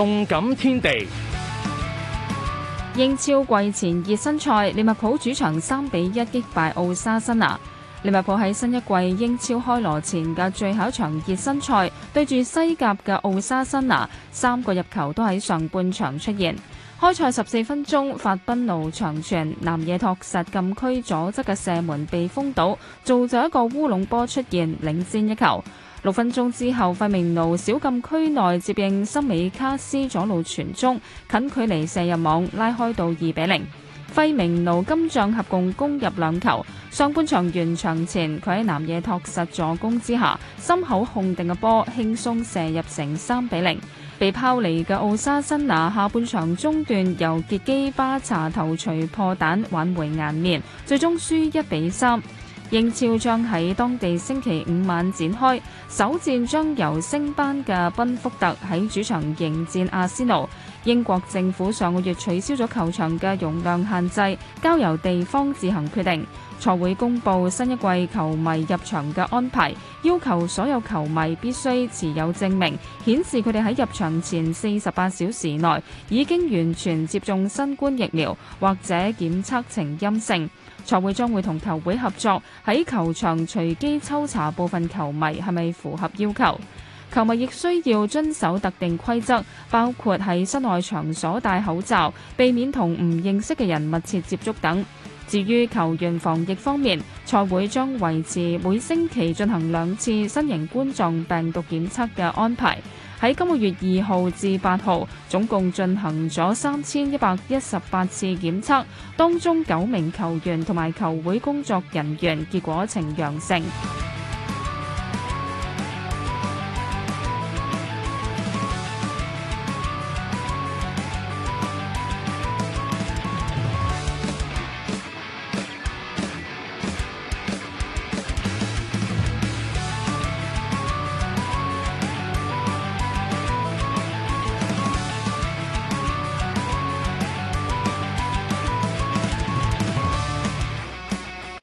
動感天地，英超季前熱身賽，利物浦主場三比一擊敗奧沙辛拿。利物浦喺新一季英超開鑼前嘅最後一場熱身賽，對住西甲嘅奧沙辛拿，三個入球都喺上半場出現。開賽十四分鐘，法賓路長傳，南野拓實禁區左側嘅射門被封堵，做咗一個烏龍波出現，領先一球。六分鐘之後，費明奴小禁區內接應森美卡斯左路傳中，近距離射入網，拉開到二比零。費明奴今仗合共攻入兩球。上半場完場前，佢喺南野拓實助攻之下，心口控定嘅波輕鬆射入，成三比零。被拋離嘅奧沙辛拿下半場中段由杰基巴查頭槌破蛋挽回顏面，最終輸一比三。英超將喺當地星期五晚展開，首戰將由升班嘅賓福特喺主場迎戰阿仙奴。英國政府上個月取消咗球場嘅容量限制，交由地方自行決定。賽會公佈新一季球迷入場嘅安排，要求所有球迷必須持有證明，顯示佢哋喺入場前四十八小時內已經完全接種新冠疫苗，或者檢測呈陰性。賽會將會同球會合作。喺球場隨機抽查部分球迷係咪符合要求，球迷亦需要遵守特定規則，包括喺室內場所戴口罩、避免同唔認識嘅人密切接觸等。至於球員防疫方面，賽會將維持每星期進行兩次新型冠狀病毒檢測嘅安排。喺今個月二號至八號，總共進行咗三千一百一十八次檢測，當中九名球員同埋球會工作人員結果呈陽性。